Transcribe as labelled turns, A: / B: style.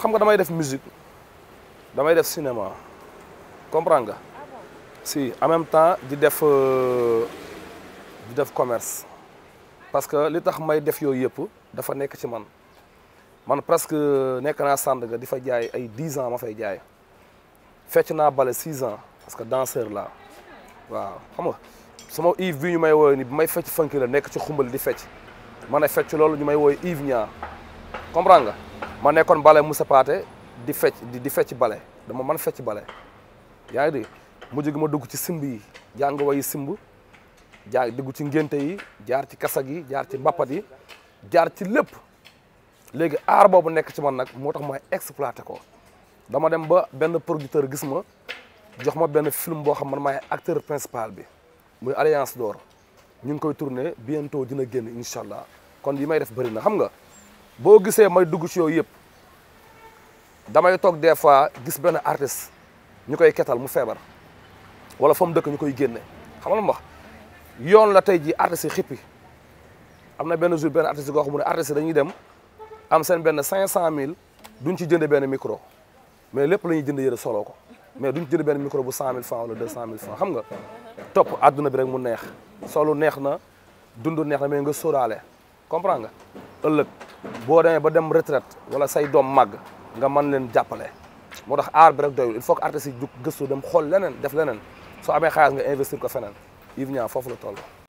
A: xam nga damay def musique damay def cinéma comprendre nga ah si en même temps di def euh, di def commerce parce que li tax may def yooyu yëpp dafa nekk ci man man presque euh, nekk naa Sandaga di fa jaay ay dix ans ma fay jaay fecc naa bale six ans parce que danseur laa waaw xam nga suma Yves bi ñu may wooye ni bu may fecc fënki la nekk ci xumbal di fecc man a fecc loolu ñu may wooye Yves Niang comprendre nga ma nekkoon bale Moussa Pathé di fecc di fecc bale dama man fecc bale yaa ngi dégg mujj gi ma dugg ci simb yi jàng yi simb jaar dugg ci ngénte yi jaar ci kasag yi jaar ci mbappat yi jaar ci lépp léegi aar boobu nekk ci man nag moo tax may exploité ko dama dem ba benn producteur gis ma jox ma benn film boo xam man maay acteur principal bi muy alliance d'or ñu ngi koy tourné bientôt dina génn incha allah kon li may def bëri na xam nga boo gisee may dugg ci yooyu yëpp damay toog des fois gis benn artiste ñu koy ketal mu feebar wala fa mu dëkk ñu koy génne xam nga wax yoon la tey ji artistes yi xippi am na benn jour benn artiste goo xam ne artistes dañuy dem am seen benn cinq cent mille duñ ci jënd benn micro mais lépp la ñuy jënd yëre solo ko mais duñ jël benn micro bu cent mille francs wala deux mille francs xam nga topp àdduna bi rek mu neex solu neex na dund neex na mais nga sooraale comprends nga ëllëg boo demee ba dem retraite wala say doom màgg nga mën leen jàppale moo tax aar bi rek doyul il faut que artistes yi gëstu dem xool leneen def leneen soo amee xaalis nga investir ko feneen Yves Niang foofu la toll